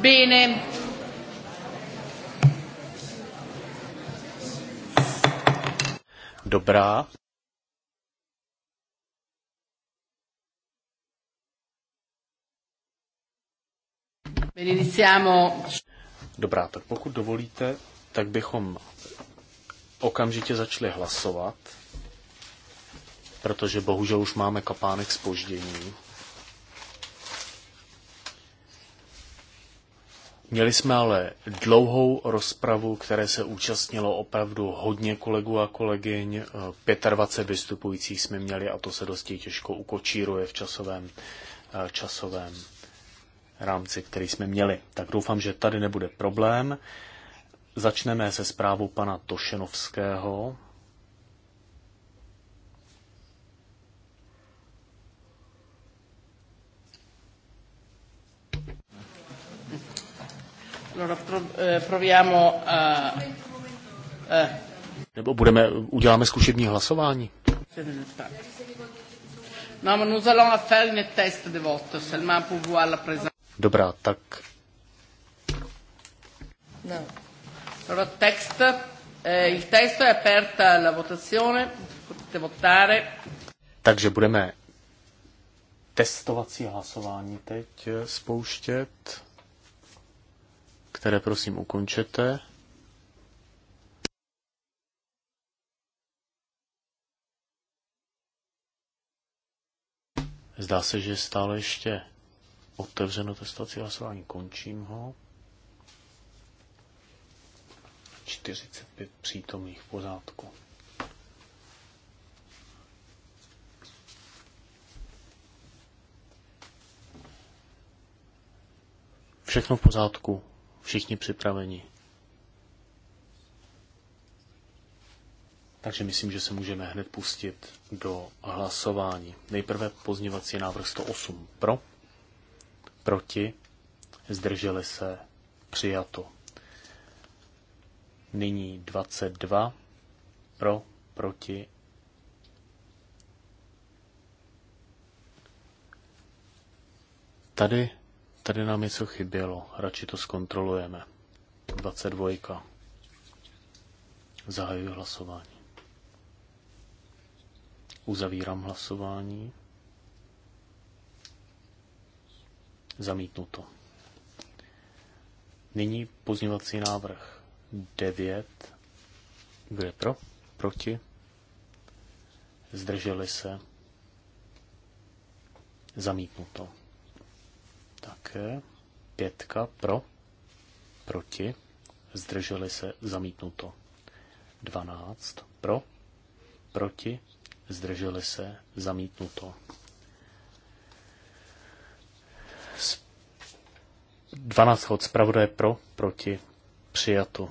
Bene. Dobrá. Dobrá, tak pokud dovolíte, tak bychom okamžitě začali hlasovat, protože bohužel už máme kapánek spoždění. Měli jsme ale dlouhou rozpravu, které se účastnilo opravdu hodně kolegů a kolegyň. 25 eh, vystupujících jsme měli a to se dosti těžko ukočíruje v časovém, eh, časovém rámci, který jsme měli. Tak doufám, že tady nebude problém. Začneme se zprávou pana Tošenovského. Allora pro, eh, proviamo a... Eh. Nebo budeme, uděláme zkušební hlasování. No, ma non allons la faire une test de Dobrá, tak. No. text, eh, il testo è aperta la votazione, potete votare. Takže budeme testovací hlasování teď eh, spouštět které prosím ukončete. Zdá se, že je stále ještě otevřeno testovací hlasování. Končím ho. 45 přítomných v pořádku. Všechno v pořádku. Všichni připraveni. Takže myslím, že se můžeme hned pustit do hlasování. Nejprve pozněvací návrh 108 pro, proti, zdrželi se, přijato. Nyní 22 pro, proti. Tady Tady nám něco chybělo, radši to zkontrolujeme. 22. Zahajuji hlasování. Uzavírám hlasování. Zamítnuto. Nyní pozněvací návrh 9. Kdo je pro? Proti? Zdrželi se? Zamítnuto také. Pětka pro, proti, zdrželi se, zamítnuto. Dvanáct pro, proti, zdrželi se, zamítnuto. Dvanáct od zpravodaje pro, proti, přijato.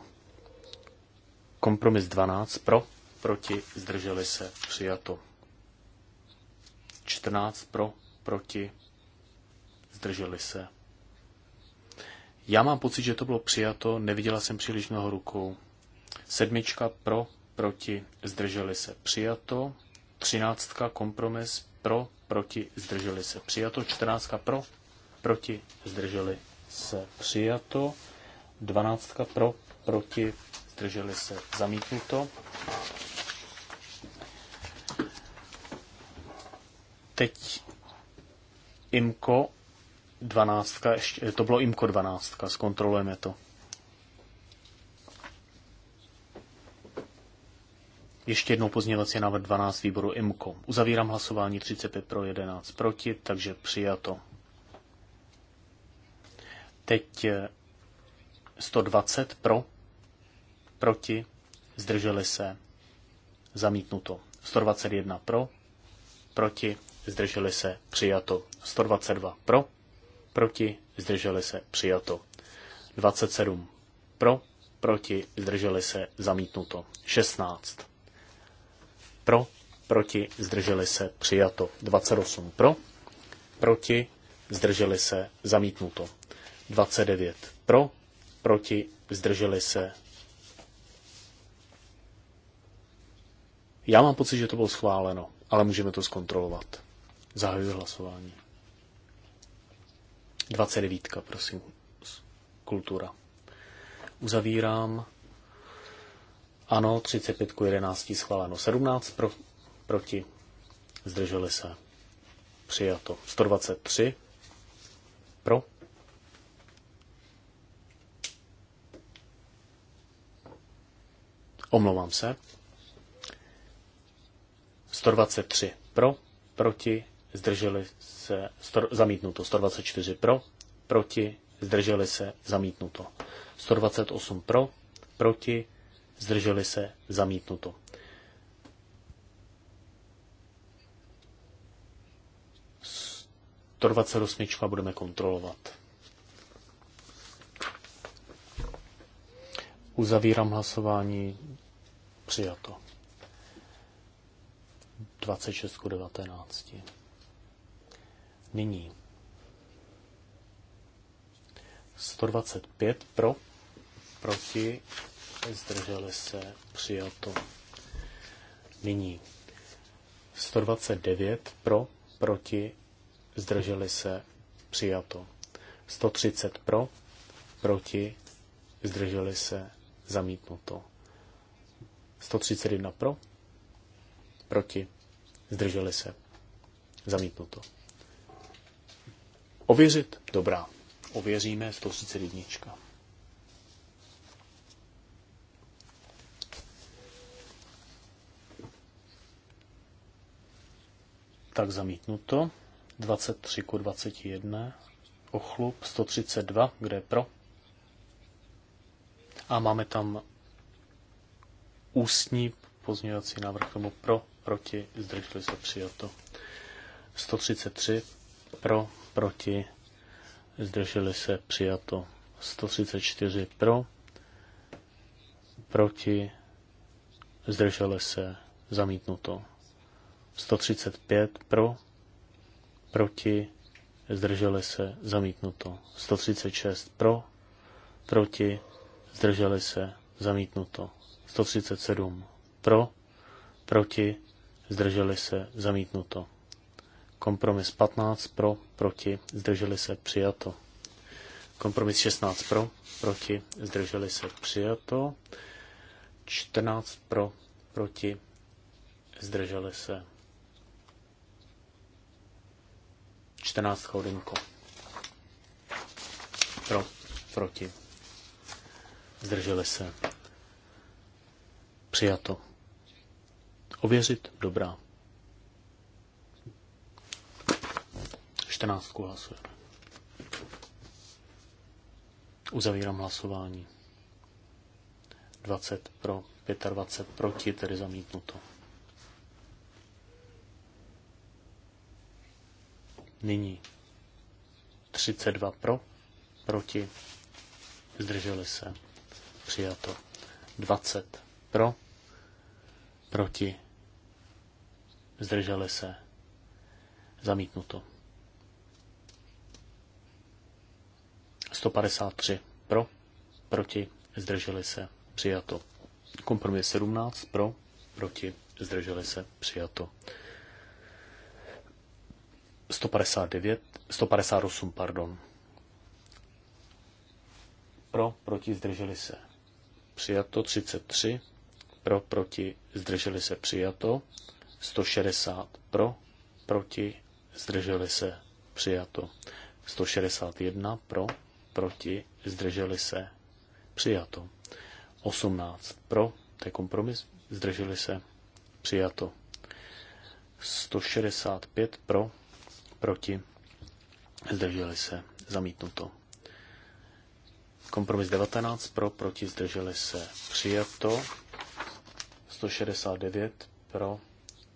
Kompromis 12 pro, proti, zdrželi se, přijato. 14 pro, proti, zdrželi se. Já mám pocit, že to bylo přijato, neviděla jsem příliš mnoho rukou. Sedmička pro, proti, zdrželi se, přijato. Třináctka kompromis pro, proti, zdrželi se, přijato. Čtrnáctka pro, proti, zdrželi se, přijato. Dvanáctka pro, proti, zdrželi se, zamítnuto. Teď IMKO 12, ještě, to bylo IMCO 12, zkontrolujeme to. Ještě jednou pozměňovací návrh 12 výboru IMCO. Uzavírám hlasování 35 pro 11 proti, takže přijato. Teď 120 eh, pro, proti, zdrželi se, zamítnuto. 121 pro, proti, zdrželi se, přijato. 122 pro, proti, zdrželi se, přijato. 27 pro, proti, zdrželi se, zamítnuto. 16 pro, proti, zdrželi se, přijato. 28 pro, proti, zdrželi se, zamítnuto. 29 pro, proti, zdrželi se. Já mám pocit, že to bylo schváleno, ale můžeme to zkontrolovat. Zahajuji hlasování. 29, prosím, kultura. Uzavírám. Ano, 35 k 11 schváleno. 17 pro, proti. Zdrželi se. Přijato. 123 pro. Omlouvám se. 123 pro, proti, zdrželi se, stor, zamítnuto. 124 pro, proti, zdrželi se, zamítnuto. 128 pro, proti, zdrželi se, zamítnuto. To 28 budeme kontrolovat. Uzavírám hlasování. Přijato. 26 19. Nyní 125 pro, proti, zdrželi se, přijato. Nyní 129 pro, proti, zdrželi se, přijato. 130 pro, proti, zdrželi se, zamítnuto. 131 pro, proti, zdrželi se, zamítnuto. Ověřit? Dobrá. Ověříme 131. Tak zamítnuto. 23 ku 21. Ochlup 132, kde je pro. A máme tam ústní pozměňovací návrh tomu pro, proti, zdrželi se přijato. 133 pro, proti, zdrželi se přijato 134 pro, proti, zdrželi se zamítnuto 135 pro, proti, zdrželi se zamítnuto 136 pro, proti, zdrželi se zamítnuto 137 pro, proti, zdrželi se zamítnuto Kompromis 15 pro, proti, zdrželi se, přijato. Kompromis 16 pro, proti, zdrželi se, přijato. 14 pro, proti, zdrželi se. 14 chodinko. Pro, proti, zdrželi se. Přijato. Ověřit? Dobrá. 14 hlasujeme. Uzavírám hlasování. 20 pro, 25 proti, tedy zamítnuto. Nyní 32 pro, proti, zdrželi se, přijato. 20 pro, proti, zdrželi se, zamítnuto. 153 pro, proti, zdrželi se, přijato. Kompromis 17 pro, proti, zdrželi se, přijato. 159, 158, pardon. Pro, proti, zdrželi se. Přijato 33, pro, proti, zdrželi se, přijato. 160 pro, proti, zdrželi se, přijato. 161 pro, proti, zdrželi se, přijato. 18 pro, to je kompromis, zdrželi se, přijato. 165 pro, proti, zdrželi se, zamítnuto. Kompromis 19 pro, proti, zdrželi se, přijato. 169 pro,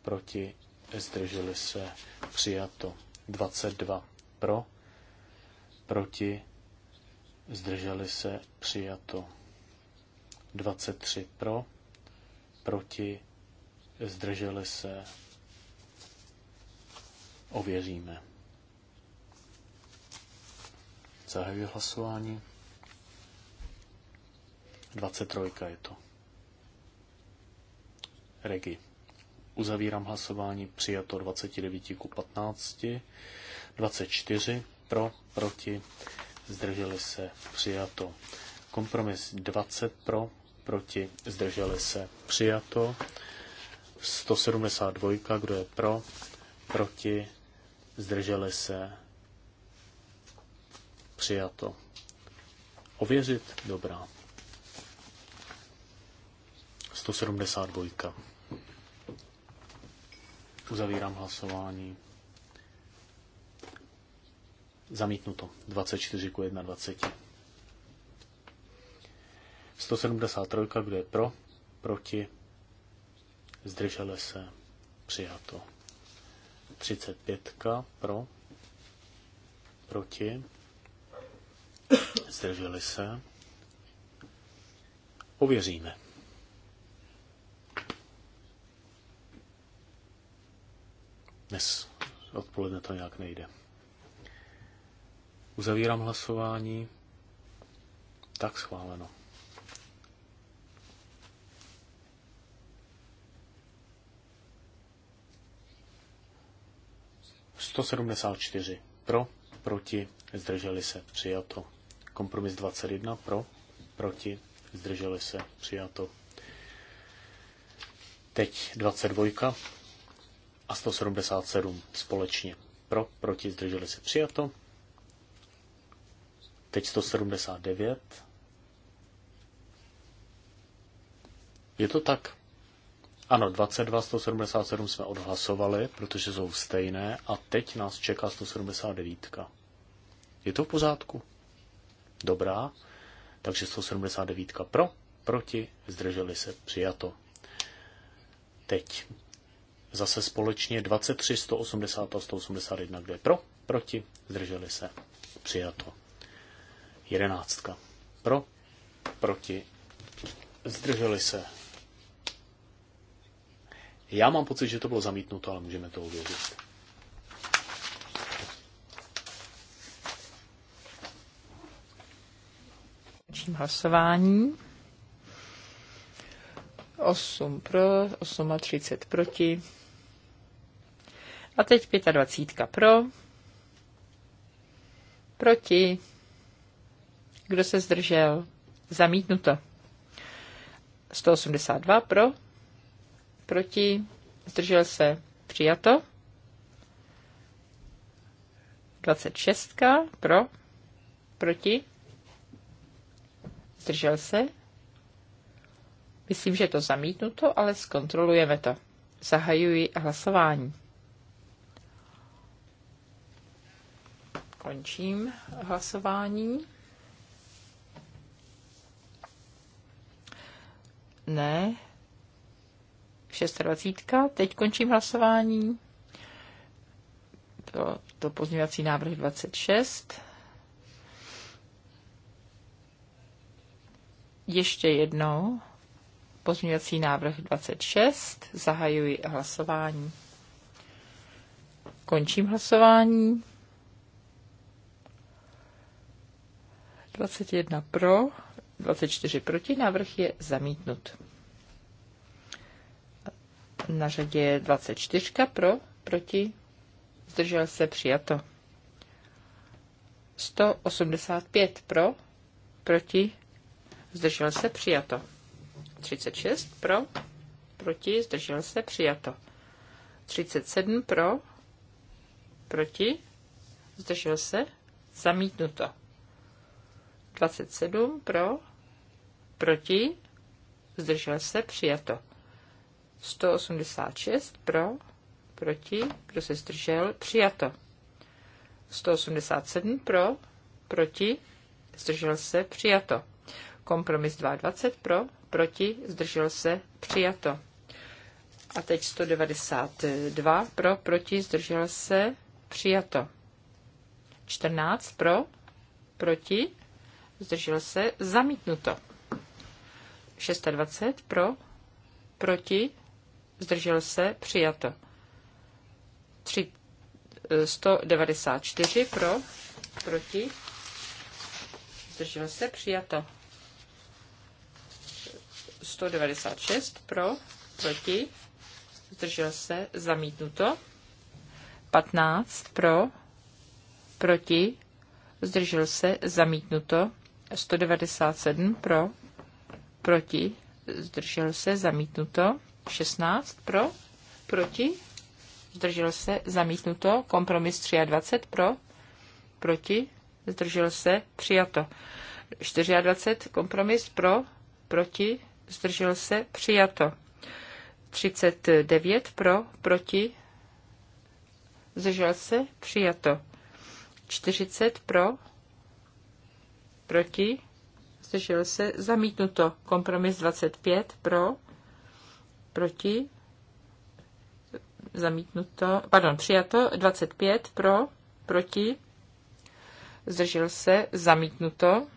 proti, zdrželi se, přijato. 22 pro, proti, zdrželi se, přijato. 23 pro, proti, zdrželi se, ověříme. Zahajuji hlasování. 23 je to. Regi. Uzavírám hlasování, přijato 29 ku 15, 24 pro, proti, zdrželi se, přijato. Kompromis 20 pro, proti, zdrželi se, přijato. 172, kdo je pro, proti, zdrželi se, přijato. Ověřit, dobrá. 172. Uzavírám hlasování. Zamítnuto. 24 ku 21. 173, kdo je pro, proti, zdržele se, přijato. 35 pro, proti, zdrželi se. Ověříme. Dnes odpoledne to nějak nejde. Uzavírám hlasování. Tak schváleno. Sto sedmdesát čtyři. Pro, proti, zdrželi se, přijato. Kompromis 21 pro, proti, zdrželi se, přijato. Teď 22 a 177 společně. Pro, proti, zdrželi se, přijato. Teď 179. Je to tak? Ano, 22, 177 jsme odhlasovali, protože jsou stejné a teď nás čeká 179. Je to v pořádku? Dobrá. Takže 179 pro, proti, zdrželi se, přijato. Teď zase společně 23, 180 a 181, kde pro, proti, zdrželi se, přijato. Jedenáctka. Pro, proti, zdrželi se. Já mám pocit, že to bylo zamítnuto, ale můžeme to ověřit. Čím hlasování. 8 pro, 8 a 30 proti. A teď 25 pro, proti, kdo se zdržel? Zamítnuto. 182 pro, proti, zdržel se, přijato. 26 pro, proti, zdržel se. Myslím, že je to zamítnuto, ale zkontrolujeme to. Zahajuji hlasování. Končím hlasování. Ne. 26. Teď končím hlasování. To, to pozměňovací návrh 26. Ještě jednou pozměňovací návrh 26. Zahajuji hlasování. Končím hlasování. 21 pro, 24 proti, návrh je zamítnut. Na řadě je 24 pro, proti, zdržel se přijato. 185 pro, proti, zdržel se přijato. 36 pro, proti, zdržel se přijato. 37 pro, proti, zdržel se, zamítnuto. 27 pro, proti, zdržel se, přijato. 186 pro, proti, kdo se zdržel, přijato. 187 pro, proti, zdržel se, přijato. Kompromis 22 pro, proti, zdržel se, přijato. A teď 192 pro, proti, zdržel se, přijato. 14 pro, proti, zdržel se, zamítnuto. 26 pro, proti, zdržel se, přijato. 3, 194 e, pro, proti, zdržel se, přijato. 196 pro, proti, zdržel se, zamítnuto. 15 pro, proti, zdržel se, zamítnuto. 197 pro, proti, zdržel se, zamítnuto. 16 pro, proti, zdržel se, zamítnuto. Kompromis 23 pro, proti, zdržel se, přijato. 24 kompromis pro, proti, zdržel se, přijato. 39 pro, proti, zdržel se, přijato. 40 pro, proti, zdržel se, zamítnuto. Kompromis 25 pro, proti, zamítnuto, pardon, přijato, 25 pro, proti, zdržel se, zamítnuto,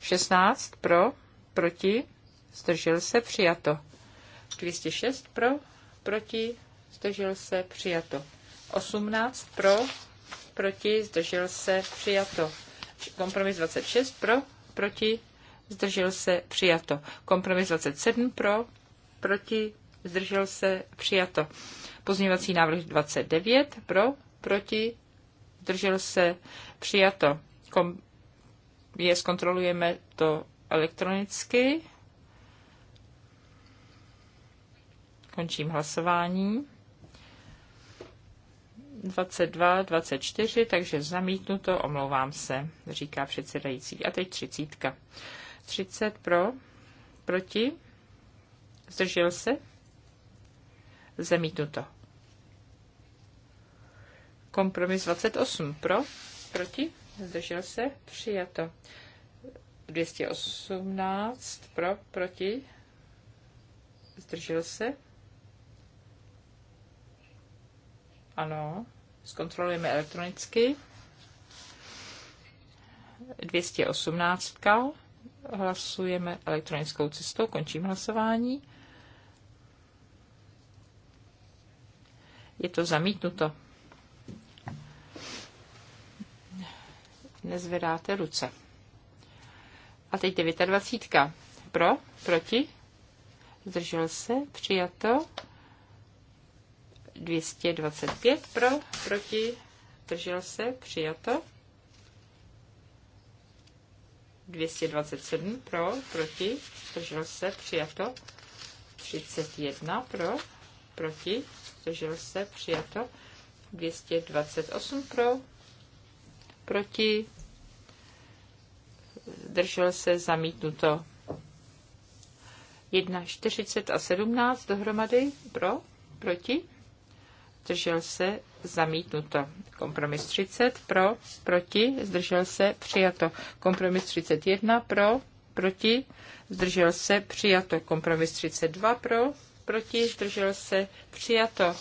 16 pro, proti, zdržel se, přijato, 206 pro, proti, zdržel se, přijato, 18 pro, proti, zdržel se, přijato, kompromis 26 pro, proti, zdržel se, přijato. Kompromis 27 pro, proti, zdržel se, přijato. Pozměňovací návrh 29 pro, proti, zdržel se, přijato. Kom- je, zkontrolujeme to elektronicky. Končím hlasování. 22, 24, takže zamítnuto, omlouvám se, říká předsedající. A teď třicítka. 30 pro, proti, zdržel se, zamítnuto. Kompromis 28 pro, proti, zdržel se, přijato. 218 pro, proti, zdržel se. Ano, zkontrolujeme elektronicky. 218. Hlasujeme elektronickou cestou. Končím hlasování. Je to zamítnuto. Nezvedáte ruce. A teď 29. Pro? Proti? Zdržel se? Přijato? 225 pro, proti, zdržel se, přijato. 227 pro, proti, zdržel se, přijato. 31 pro, proti, zdržel se, přijato. 228 pro, proti, zdržel se, zamítnuto. 1, 40 a 17 dohromady pro, proti, zdržel se, zamítnuto. Kompromis 30 pro, proti, zdržel se, přijato. Kompromis 31 pro, proti, zdržel se, přijato. Kompromis 32 pro, proti, zdržel se, přijato.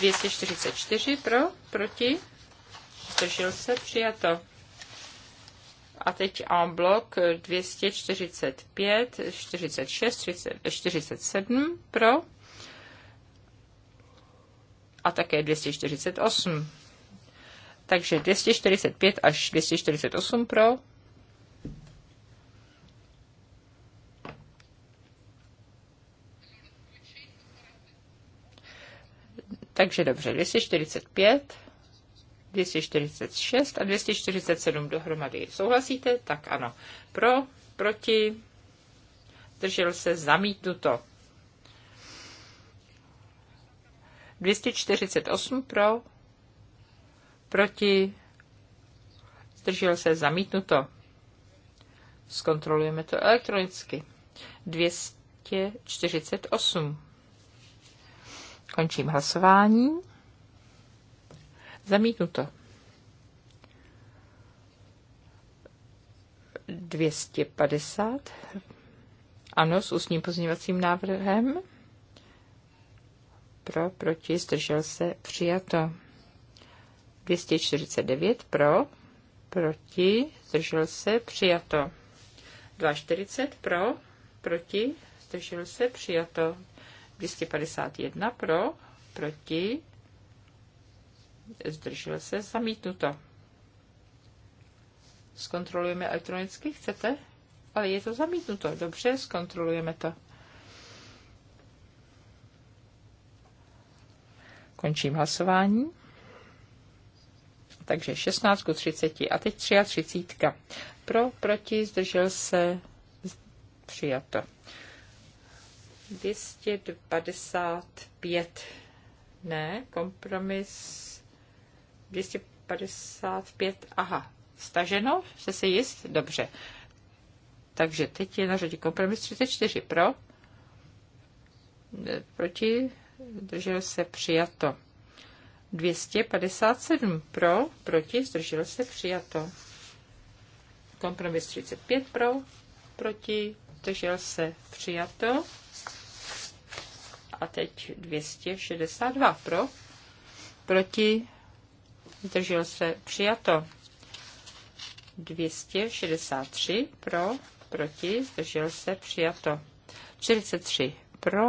244 pro, proti, zdržel se, přijato. A teď en blok 245, 46, 30, 47 pro, a také 248. Takže 245 až 248 pro. Takže dobře, 245, 246 a 247 dohromady. Souhlasíte? Tak ano. Pro, proti, držel se zamítnuto. 248 pro, proti, zdržel se zamítnuto. Zkontrolujeme to elektronicky. 248. Končím hlasování. Zamítnuto. 250. Ano, s ústním pozměňovacím návrhem pro, proti, zdržel se, přijato. 249 pro, proti, zdržel se, přijato. 240 pro, proti, zdržel se, přijato. 251 pro, proti, zdržel se, zamítnuto. Zkontrolujeme elektronicky, chcete? Ale je to zamítnuto. Dobře, zkontrolujeme to. Končím hlasování. Takže 16 ku 30 a teď 33. Pro, proti, zdržel se, přijato. 255 ne, kompromis 255, aha, staženo, jste si jist? Dobře. Takže teď je na řadě kompromis 34 pro, proti, zdržel se přijato. 257 pro, proti, zdržel se přijato. Kompromis 35 pro, proti, zdržel se přijato. A teď 262 pro, proti, zdržel se přijato. 263 pro, proti, zdržel se přijato. 43 pro,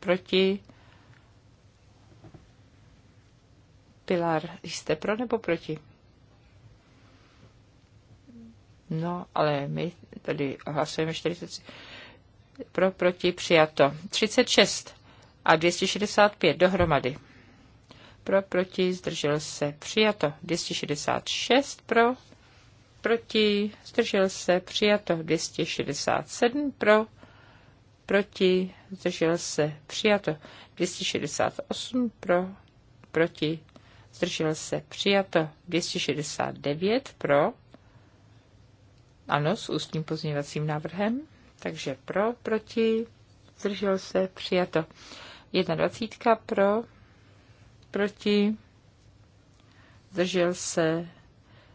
proti, Pilar, jste pro nebo proti? No, ale my tady hlasujeme 40. Pro, proti, přijato. 36 a 265 dohromady. Pro, proti, zdržel se, přijato. 266 pro, proti, zdržel se, přijato. 267 pro, proti, zdržel se, přijato. 268 pro, proti, zdržel se, přijato 269 pro, ano, s ústním pozměňovacím návrhem, takže pro, proti, zdržel se, přijato 21 pro, proti, zdržel se,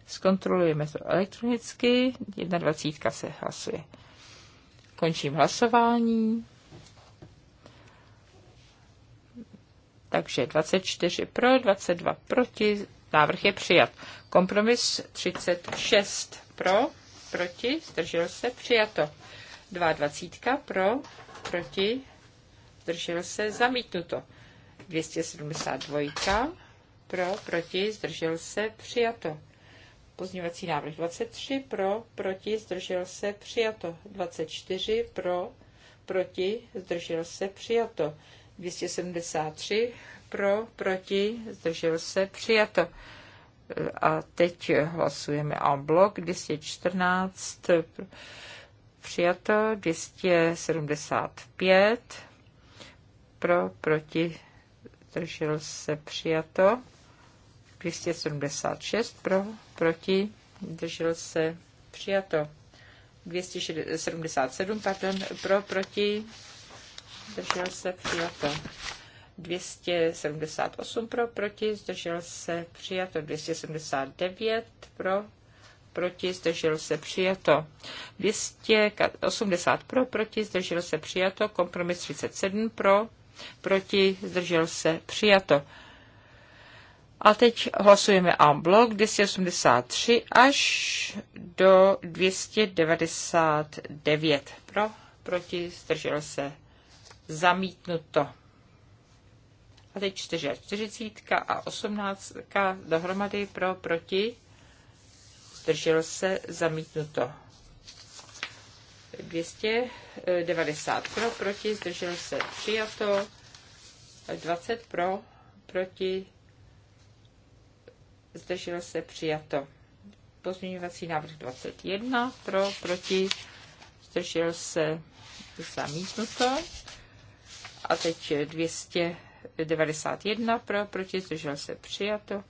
zkontrolujeme to elektronicky, 21 se hlasuje. Končím hlasování. Takže 24 pro, 22 proti, návrh je přijat. Kompromis 36 pro, proti, zdržel se, přijato. 22 pro, proti, zdržel se, zamítnuto. 272 pro, proti, zdržel se, přijato. Pozměňovací návrh 23 pro, proti, zdržel se, přijato. 24 pro, proti, zdržel se, přijato. 273 pro, proti, zdržel se, přijato. A teď hlasujeme o blok 214 přijato, 275 pro, proti, zdržel se, přijato. 276 pro, proti, zdržel se, přijato. 277, pardon, pro, proti, zdržel se, přijato. 278 pro, proti, zdržel se, přijato. 279 pro, proti, zdržel se, přijato. 280 pro, proti, zdržel se, přijato. Kompromis 37 pro, proti, zdržel se, přijato. A teď hlasujeme en bloc 283 až do 299. Pro, proti, zdržel se, zamítnuto. A teď 4 a 40 a 18 dohromady pro, proti, zdržel se, zamítnuto. 290 eh, pro, proti, zdržel se, přijato. 20 pro, proti, zdržel se, přijato. Pozměňovací návrh 21 pro, proti, zdržel se, zamítnuto. A teď 291 pro, proti, zdržel se přijato.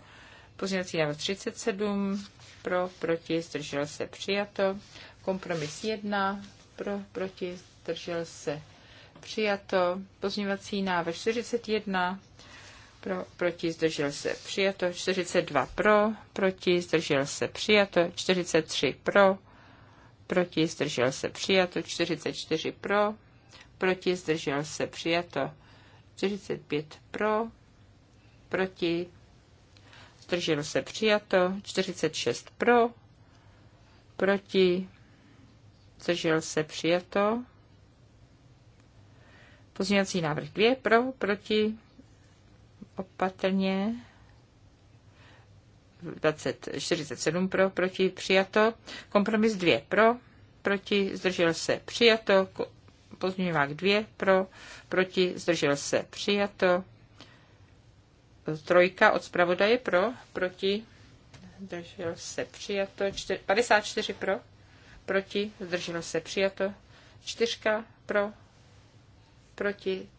Pozměňovací návrh 37 pro, proti, zdržel se přijato. Kompromis 1 pro, proti, zdržel se přijato. Pozměňovací návrh 41 pro, proti, zdržel se přijato. 42 pro, proti, zdržel se přijato. 43 pro, proti, zdržel se přijato. 44 pro, proti, zdržel se, přijato. 45 pro, proti, zdržel se, přijato. 46 pro, proti, zdržel se, přijato. Pozměňovací návrh 2 pro, proti, opatrně. 20, 47 pro, proti, přijato. Kompromis 2 pro, proti, zdržel se, přijato. Pozměňovák 2 pro, proti, zdržel se, přijato. Trojka od zpravodaje pro, proti, zdržel se, přijato. Čtyř, 54 pro, proti, zdržel se, přijato. Čtyřka pro, proti,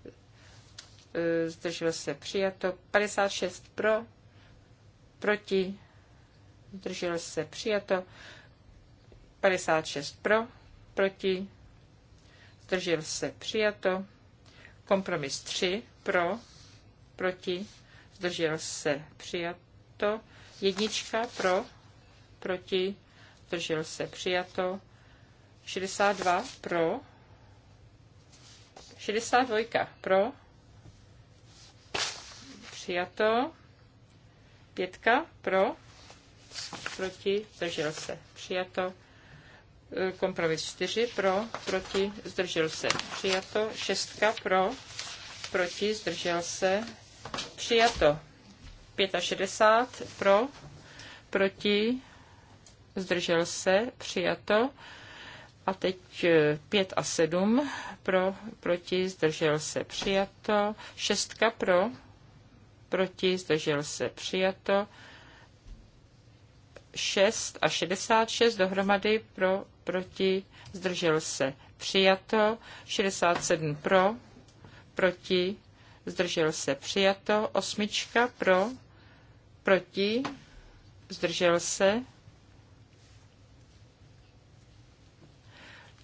e, zdržel se, přijato. 56 pro, proti, zdržel se, přijato. 56 pro, proti, zdržel se, přijato. Kompromis 3 pro, proti, zdržel se, přijato. Jednička pro, proti, zdržel se, přijato. 62 pro, 62 pro, přijato. Pětka pro, proti, zdržel se, přijato. Kompromis 4 pro, proti, zdržel se. Přijato. Šestka pro, proti, zdržel se. Přijato. 65 pro, proti, zdržel se. Přijato. A teď 5 eh, a 7 pro, proti, zdržel se. Přijato. Šestka pro, proti, zdržel se. Přijato. 6 a 66 dohromady pro, proti, zdržel se. Přijato 67 pro, proti, zdržel se. Přijato osmička pro, proti, zdržel se.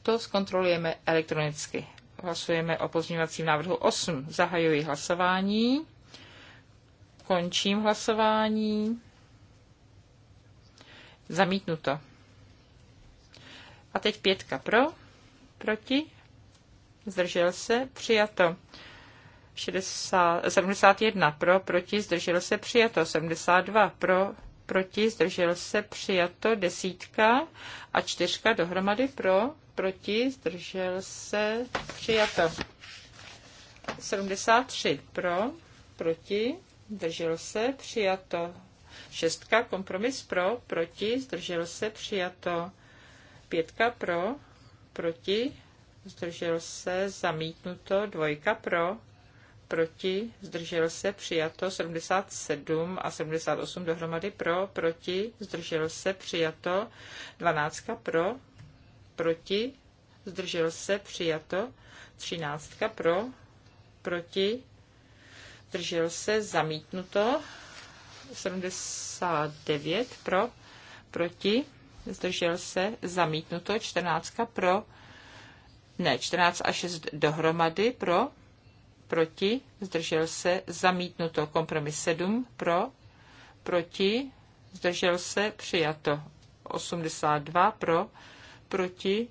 To zkontrolujeme elektronicky. Hlasujeme o pozměňovacím návrhu 8. Zahajuji hlasování. Končím hlasování. Zamítnuto. A teď pětka pro, proti, zdržel se, přijato. 60, 71 pro, proti, zdržel se, přijato. 72 pro, proti, zdržel se, přijato. Desítka a čtyřka dohromady pro, proti, zdržel se, přijato. 73 pro, proti, zdržel se, přijato. Šestka, kompromis pro, proti, zdržel se, přijato. Pětka pro, proti, zdržel se, zamítnuto. Dvojka pro, proti, zdržel se, přijato. 77 a 78 dohromady pro, proti, zdržel se, přijato. Dvanáctka pro, proti, zdržel se, přijato. Třináctka pro, proti, zdržel se, zamítnuto. 79 pro, proti, zdržel se, zamítnuto, 14 pro, ne, 14 a 6 dohromady pro, proti, zdržel se, zamítnuto, kompromis 7 pro, proti, zdržel se, přijato, 82 pro, proti,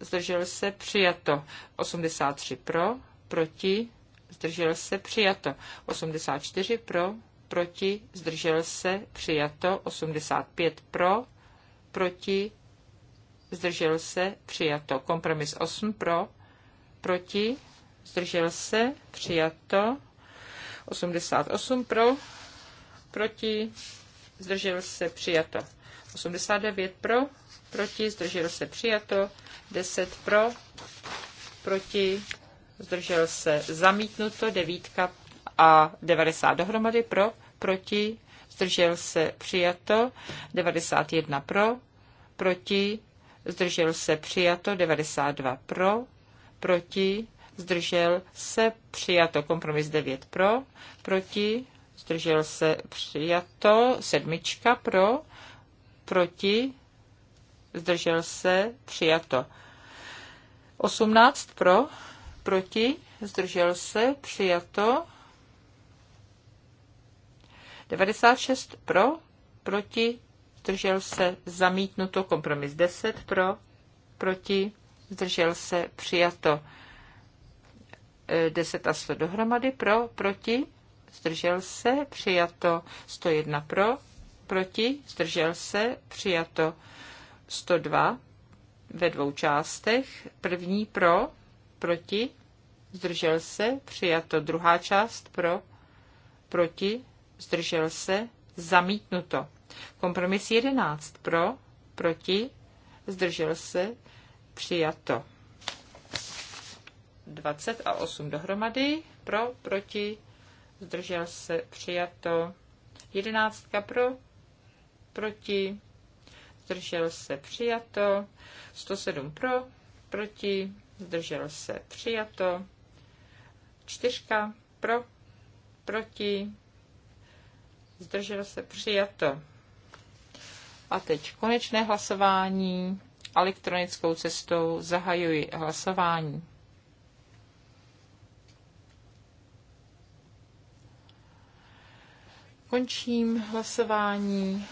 zdržel se, přijato, 83 pro, proti, zdržel se, přijato, 84 pro, proti, zdržel se, přijato, 85 pro, proti, zdržel se, přijato. Kompromis 8 pro, proti, zdržel se, přijato, 88 pro, proti, zdržel se, přijato. 89 pro, proti, zdržel se, přijato, 10 pro, proti, zdržel se, zamítnuto, devítka a 90 dohromady pro, proti, zdržel se přijato, 91 pro, proti, zdržel se přijato, 92 pro, proti, zdržel se přijato, kompromis 9 pro, proti, zdržel se přijato, sedmička pro, proti, zdržel se přijato. 18 pro, proti, zdržel se přijato, 96 pro, proti, zdržel se, zamítnuto, kompromis 10 pro, proti, zdržel se, přijato. 10 e, a 100 dohromady pro, proti, zdržel se, přijato. 101 pro, proti, zdržel se, přijato. 102 ve dvou částech. První pro, proti, zdržel se, přijato. Druhá část pro, proti, zdržel se, zamítnuto. Kompromis 11 pro, proti, zdržel se, přijato. 20 a 8 dohromady, pro, proti, zdržel se, přijato. 11 pro, proti, zdržel se, přijato. 107 pro, proti, zdržel se, přijato. 4 pro, proti, zdržel se, přijato. A teď konečné hlasování elektronickou cestou zahajuji hlasování. Končím hlasování.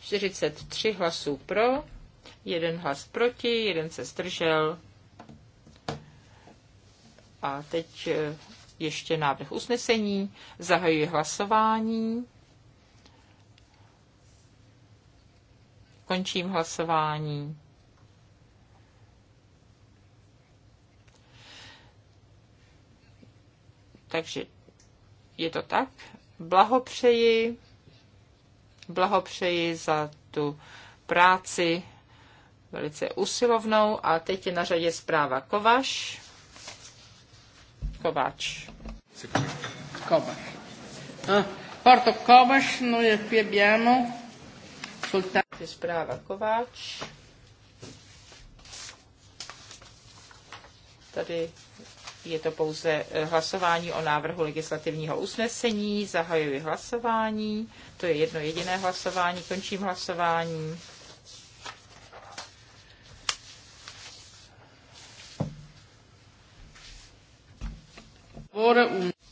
43 hlasů pro, jeden hlas proti, jeden se zdržel. A teď eh, ještě návrh usnesení, zahajuji hlasování, končím hlasování. Takže je to tak. Blahopřeji, blahopřeji za tu práci velice usilovnou. A teď je na řadě zpráva Kovaš. Kováč. Kováč. No, Porto Kováč, noi qui abbiamo zpráva Kováč. Tady je to pouze eh, hlasování o návrhu legislativního usnesení. Zahajuji hlasování. To je jedno jediné hlasování. Končím hlasování.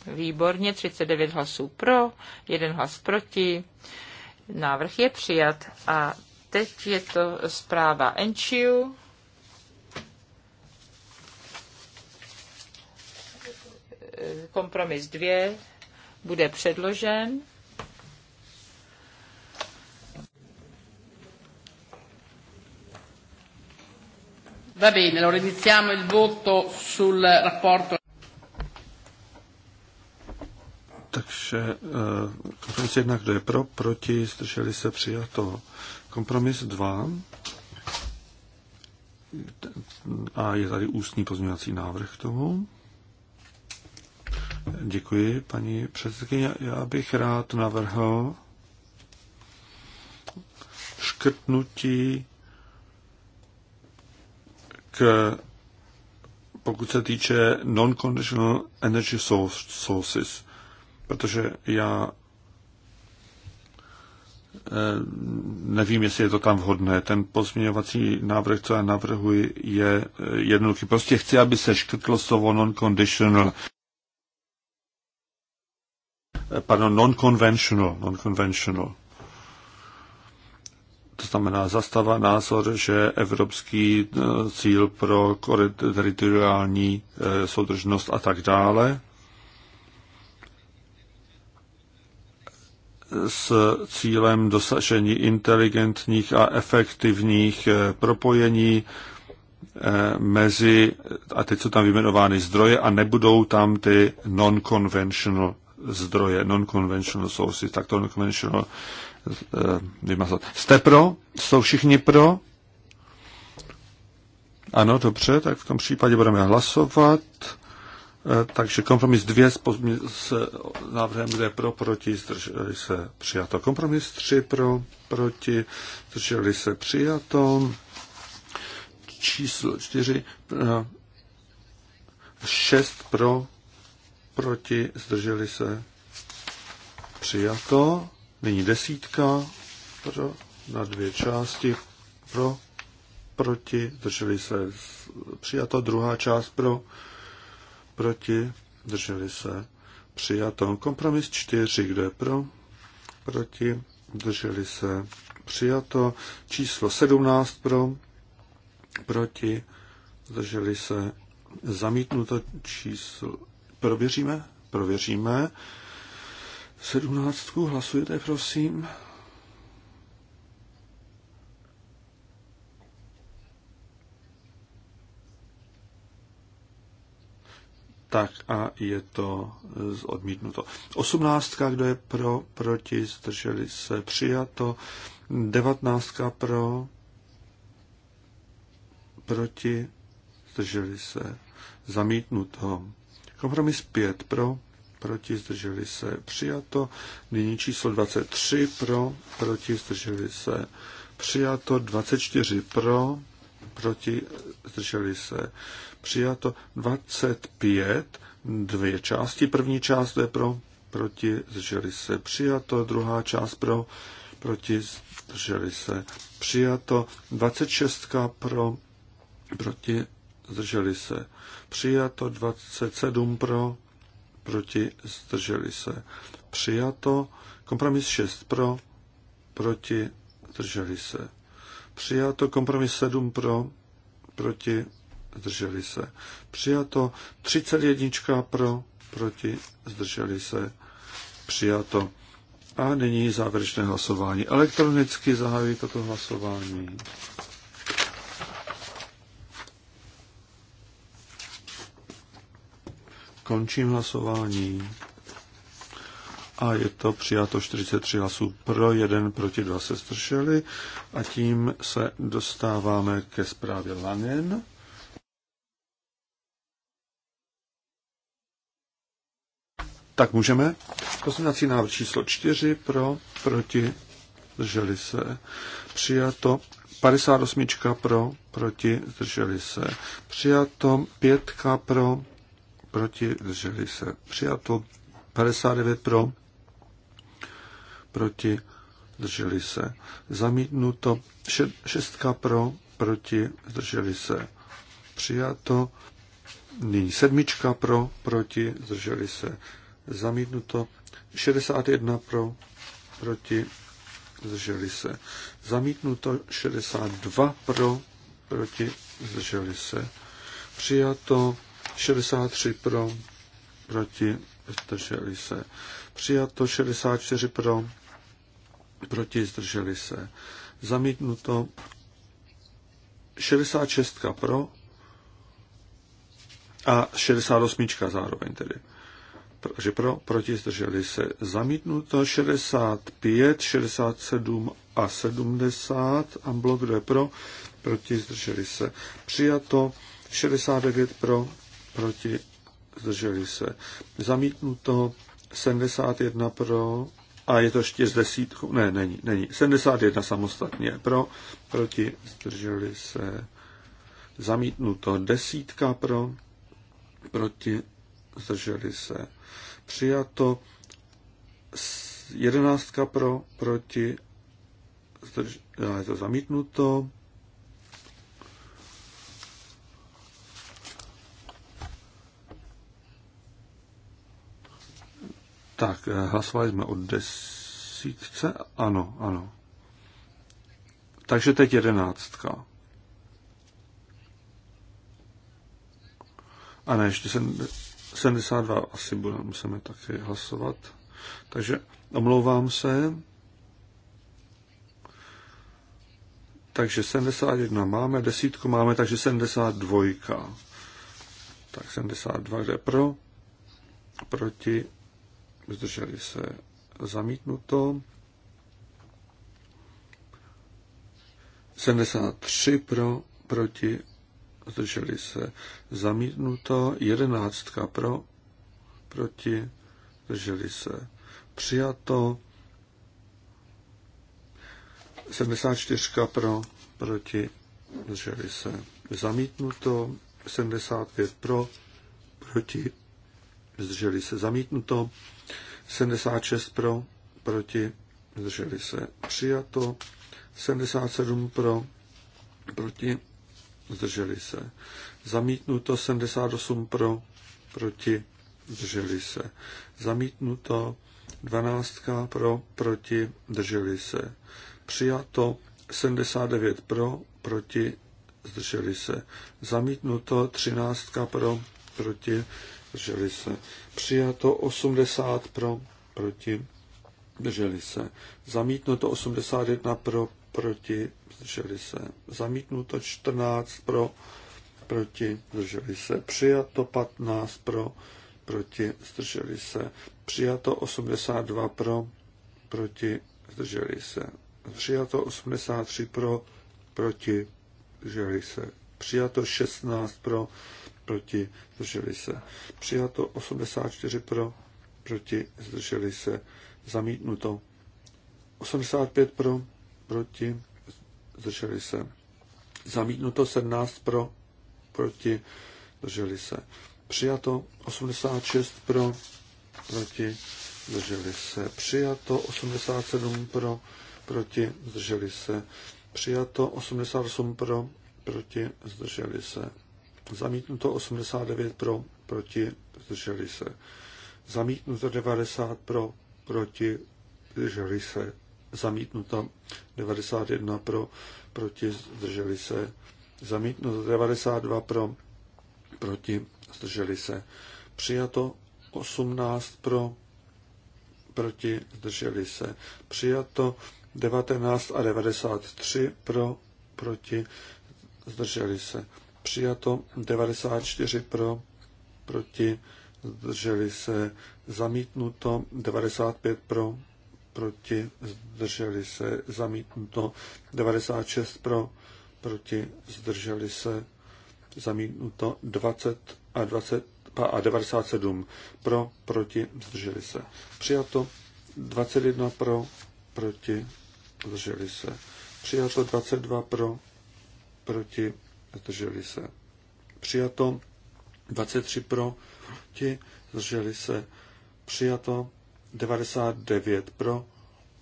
Výborně, 39 hlasů pro, jeden hlas proti. Návrh je přijat a teď je to zpráva Enchiu. Kompromis 2 bude předložen. Va bene, allora iniziamo il voto sul rapporto. Takže eh, kompromis jedna, kdo je pro, proti, zdrželi se, přijato. Kompromis dva, A je tady ústní pozměňovací návrh k tomu. Děkuji, paní předsedkyně. Já bych rád navrhl škrtnutí k, pokud se týče non-conditional energy sources protože já eh, nevím, jestli je to tam vhodné. Ten pozměňovací návrh, co já navrhuji, je eh, jednoduchý. Prostě chci, aby se škrtlo slovo non-conditional. Eh, pardon, non-conventional. Non-conventional. To znamená, zastava názor, že evropský cíl pro teritoriální soudržnost a tak dále s cílem dosažení inteligentních a efektivních eh, propojení eh, mezi, a teď jsou tam vyjmenovány zdroje, a nebudou tam ty non-conventional zdroje, non-conventional sources, tak to non-conventional eh, vymazat. Jste pro? Jsou všichni pro? Ano, dobře, tak v tom případě budeme hlasovat. Eh, takže kompromis 2 s, s eh, návrhem, kde pro, proti, zdrželi se přijato. Kompromis 3 pro, proti, zdrželi se přijato. Číslo 4, 6 eh, pro, proti, zdrželi se přijato. Nyní desítka pro, na dvě části pro, proti, zdrželi se přijato. Druhá část pro, proti, drželi se, přijato. Kompromis 4, kdo je pro, proti, drželi se, přijato. Číslo 17 pro, proti, drželi se, zamítnuto číslo, prověříme, prověříme. 17. Hlasujete, prosím. tak a je to e, odmítnuto. Osmnáctka, kdo je pro, proti, zdrželi se, přijato. Devatnáctka pro, proti, zdrželi se, zamítnuto. Kompromis pět pro, proti, zdrželi se, přijato. Nyní číslo 23 pro, proti, zdrželi se, přijato. 24 pro, proti, zdrželi se. Přijato 25, dvě části. První část je pro, proti, zdrželi se. Přijato druhá část pro, proti, zdrželi se. Přijato 26 pro, proti, zdrželi se. Přijato 27 pro, proti, zdrželi se. Přijato kompromis 6 pro, proti, zdrželi se Přijato kompromis 7 pro, proti, zdrželi se. Přijato 31 pro, proti, zdrželi se. Přijato. A nyní závěrečné hlasování. Elektronicky zahájí toto hlasování. Končím hlasování a je to přijato 43 hlasů pro, jeden proti, dva se zdrželi a tím se dostáváme ke zprávě Langen. Tak můžeme. Poslednací návrh číslo 4 pro, proti, zdrželi se. Přijato 58 pro, proti, zdrželi se. Přijato 5 pro, proti, zdrželi se. Přijato 59 pro, proti, zdrželi se. Zamítnuto šestka pro, proti, zdrželi se. Přijato. Nyní sedmička pro, proti, zdrželi se. Zamítnuto 61 pro, proti, zdrželi se. Zamítnuto 62 pro, proti, zdrželi se. Přijato 63 pro, proti, zdrželi se. Přijato 64 pro, proti, zdrželi se. Zamítnuto 66 pro a 68 zároveň tedy. Takže pro, proti zdrželi se zamítnuto 65, 67 a 70 a blok, kdo je pro, proti zdrželi se přijato 69 pro, proti zdrželi se zamítnuto 71 pro, a je to ještě z desítku, ne, není, není, 71 samostatně pro, proti, zdrželi se, zamítnuto, desítka pro, proti, zdrželi se, přijato, jedenáctka pro, proti, zdrž, je to zamítnuto, Tak, eh, hlasovali jsme od desítce? Ano, ano. Takže teď jedenáctka. A ne, ještě 72 asi budeme, musíme taky hlasovat. Takže omlouvám se. Takže 71 máme, desítku máme, takže 72. Tak 72, kde pro? Proti zdrželi se zamítnuto. 73 pro, proti, zdrželi se zamítnuto. 11 pro, proti, zdrželi se přijato. 74 pro, proti, zdrželi se zamítnuto. 75 pro, proti, zdrželi se zamítnuto, 76 pro, proti, zdrželi se přijato, 77 pro, proti, zdrželi se zamítnuto, 78 pro, proti, zdrželi se zamítnuto, 12 pro, proti, zdrželi se přijato, 79 pro, proti, zdrželi se zamítnuto, 13 pro, proti, drželi se. Přijato 80 pro, proti, drželi se. Zamítnuto 81 pro, proti, drželi se. Zamítnuto 14 pro, proti, drželi se. Přijato 15 pro, proti, zdrželi se. Přijato 82 pro, proti, zdrželi se. Přijato 83 pro, proti, zdrželi se. Přijato 16 pro, proti, zdrželi se. Přijato 84 pro, proti, zdrželi se. Zamítnuto 85 pro, proti, zdrželi se. Zamítnuto 17 pro, proti, zdrželi se. Přijato 86 pro, proti, zdrželi se. Přijato 87 pro, proti, zdrželi se. Přijato 88 pro, proti, zdrželi se. Zamítnuto 89 pro, proti, zdrželi se. Zamítnuto 90 pro, proti, zdrželi se. Zamítnuto 91 pro, proti, zdrželi se. Zamítnuto 92 pro, proti, zdrželi se. Přijato 18 pro, proti, zdrželi se. Přijato 19 a 93 pro, proti, zdrželi se přijato 94 pro, proti, zdrželi se zamítnuto 95 pro, proti, zdrželi se zamítnuto 96 pro, proti, zdrželi se zamítnuto 20 a 20 a 97 pro, proti, zdrželi se. Přijato 21 pro, proti, zdrželi se. Přijato 22 pro, proti, zdrželi se. Přijato 23 pro, proti, zdrželi se. Přijato 99 pro,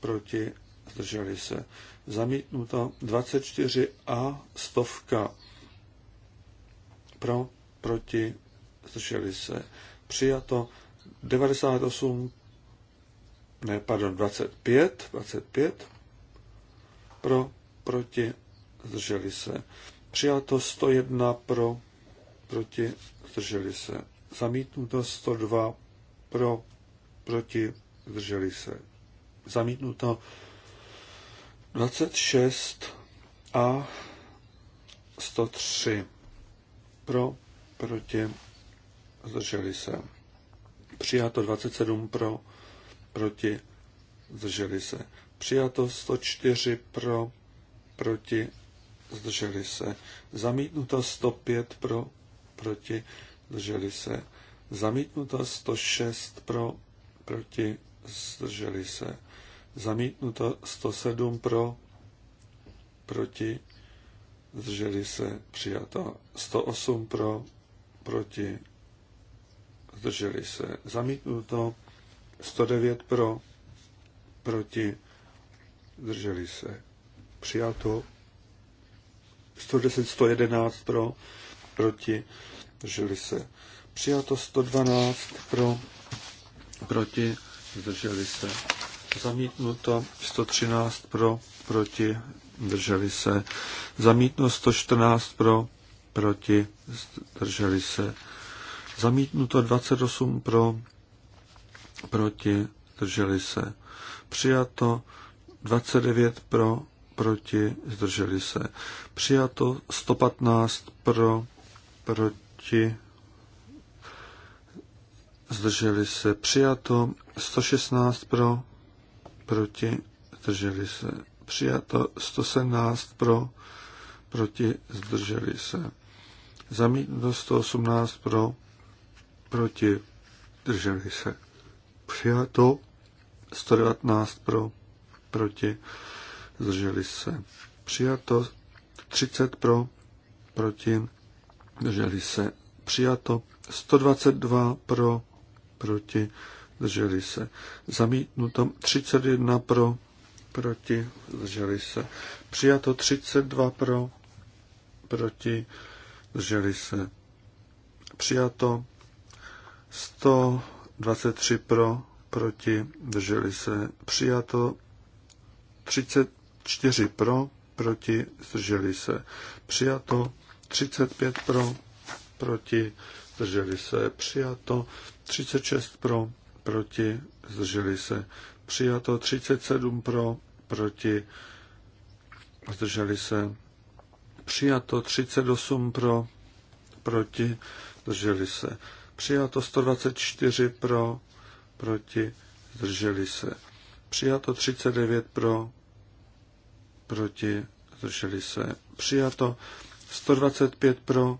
proti, zdrželi se. Zamítnuto 24 a stovka pro, proti, zdrželi se. Přijato 98, ne, pardon, 25, 25 pro, proti, zdrželi se Přijato 101 pro, proti, zdrželi se. Zamítnuto 102 pro, proti, zdrželi se. Zamítnuto 26 a 103 pro, proti, zdrželi se. Přijato 27 pro, proti, zdrželi se. Přijato 104 pro, proti, zdrželi se. Zamítnuto 105 pro, proti, zdrželi se. Zamítnuto 106 pro, proti, zdrželi se. Zamítnuto 107 pro, proti, zdrželi se. Přijato 108 pro, proti, zdrželi se. Zamítnuto 109 pro, proti, zdrželi se. Přijato 110, 111 pro, proti, drželi se. Přijato 112 pro, proti, drželi se. Zamítnuto 113 pro, proti, drželi se. Zamítnuto 114 pro, proti, drželi se. Zamítnuto 28 pro, proti, drželi se. Přijato 29 pro, proti, zdrželi se. Přijato 115 pro, proti, zdrželi se. Přijato 116 pro, proti, zdrželi se. Přijato 117 pro, proti, zdrželi se. Zamítnuto 118 pro, proti, zdrželi se. Přijato 119 pro, proti, zdrželi se přijato, 30 pro, proti, zdrželi se přijato, 122 pro, proti, zdrželi se zamítnuto, 31 pro, proti, zdrželi se přijato, 32 pro, proti, zdrželi se přijato, 123 pro, proti, drželi se přijato, 30 4 pro, proti, zdrželi se. Přijato 35 pro, proti, zdrželi se. Přijato 36 pro, proti, zdrželi se. Přijato 37 pro, proti, zdrželi se. Přijato 38 pro, proti, zdrželi se. Přijato 124 pro, proti, zdrželi se. Přijato 39 pro, proti, zdrželi se, přijato. 125 pro,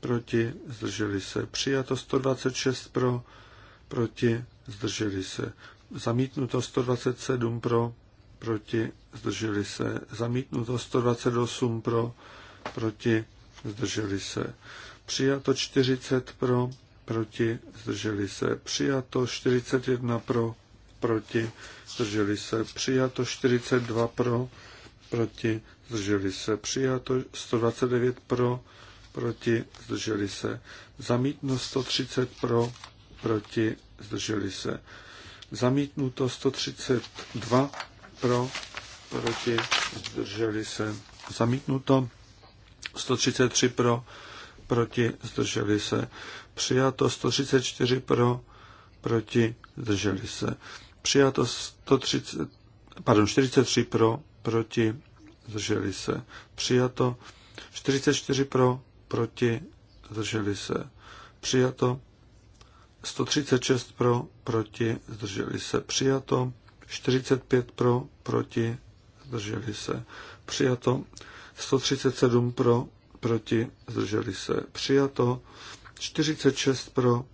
proti, zdrželi se, přijato. 126 pro, proti, zdrželi se, zamítnuto. 127 pro, proti, zdrželi se, zamítnuto. 128 pro, proti, zdrželi se. Přijato 40 pro, proti, zdrželi se. Přijato 41 pro, proti, zdrželi se. Přijato 42 pro, proti, zdrželi se přijato, 129 pro, proti, zdrželi se zamítnuto, 130 pro, proti, zdrželi se zamítnuto, 132 pro, proti, zdrželi se zamítnuto, 133 pro, proti, zdrželi se přijato, 134 pro, proti, zdrželi se přijato, 130, pardon, 43 pro, proti, zdrželi se. Přijato 44 pro, proti, zdrželi se. Přijato 136 pro, proti, zdrželi se. Přijato 45 pro, proti, zdrželi se. Přijato 137 pro, proti, zdrželi se. Přijato 46 pro,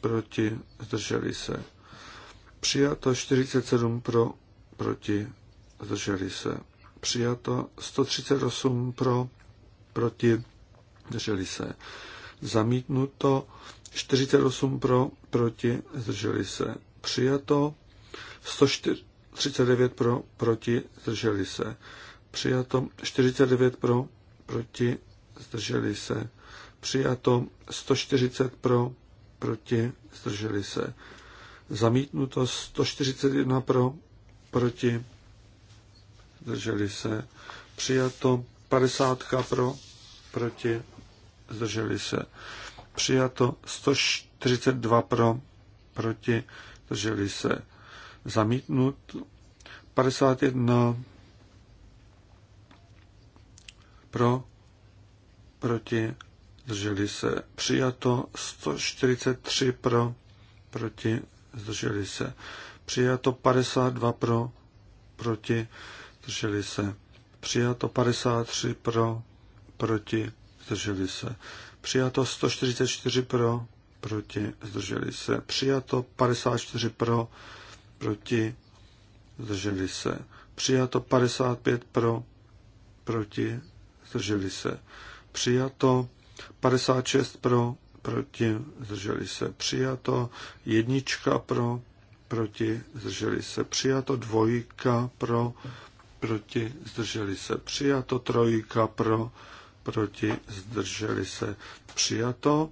proti, zdrželi se. Přijato 47 pro, proti, zdrželi se. Přijato 138 pro, proti, zdrželi se. Zamítnuto 48 pro, proti, zdrželi se. Přijato 139 pro, proti, zdrželi se. Přijato 49 pro, proti, zdrželi se. Přijato 140 pro, proti, zdrželi se. Zamítnuto 141 pro, proti, zdrželi se, přijato 50 pro, proti, zdrželi se, přijato 132 pro, proti, zdrželi se, zamítnut 51 pro, proti, zdrželi se, přijato 143 pro, proti, zdrželi se, přijato 52 pro, proti, zdrželi se přijato 53 pro, proti, zdrželi se přijato 144 pro, proti, zdrželi se přijato 54 pro, proti, zdrželi se přijato 55 pro, proti, zdrželi se přijato 56 pro, proti, zdrželi se přijato, jednička pro, proti, zdrželi se přijato, dvojka pro, proti, zdrželi se přijato, trojka pro, proti, zdrželi se přijato.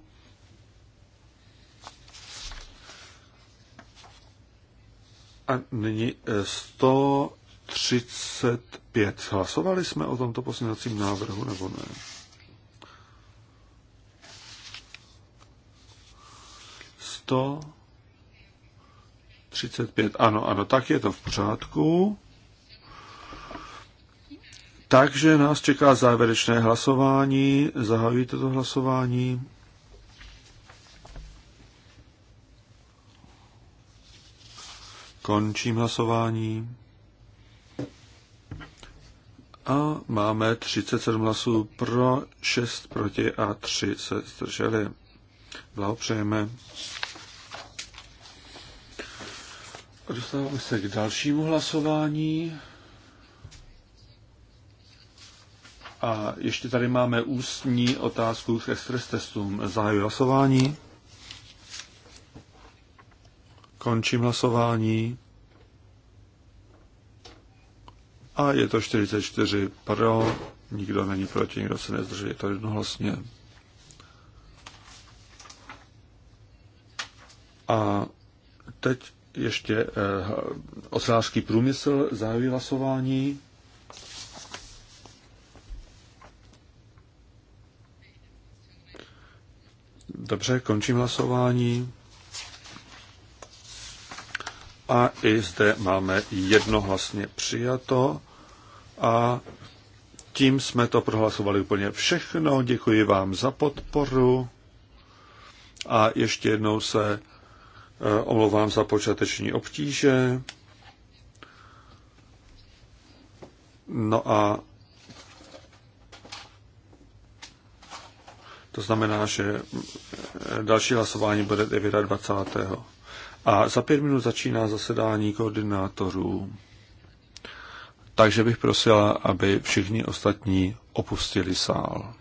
A nyní 135. Eh, Hlasovali jsme o tomto posledním návrhu nebo ne? To 35. Ano, ano, tak je to v pořádku. Takže nás čeká závěrečné hlasování. Zahajuji toto hlasování. Končím hlasování. A máme 37 hlasů pro, 6 proti a 3 se zdrželi. Blahopřejeme. Dostáváme se k dalšímu hlasování. A ještě tady máme ústní otázku k express testům. Zahajuji hlasování. Končím hlasování. A je to 44 pro, nikdo není proti, nikdo se nezdrží, je to jednohlasně. A teď ještě eh, ocelářský průmysl, zahajuji hlasování. Dobře, končím hlasování. A i zde máme jednohlasně přijato. A tím jsme to prohlasovali úplně všechno. Děkuji vám za podporu. A ještě jednou se e, omlouvám za počáteční obtíže. No a To znamená, že eh, další hlasování bude 29. A za pět minut začíná zasedání koordinátorů. Takže bych prosila, aby všichni ostatní opustili sál.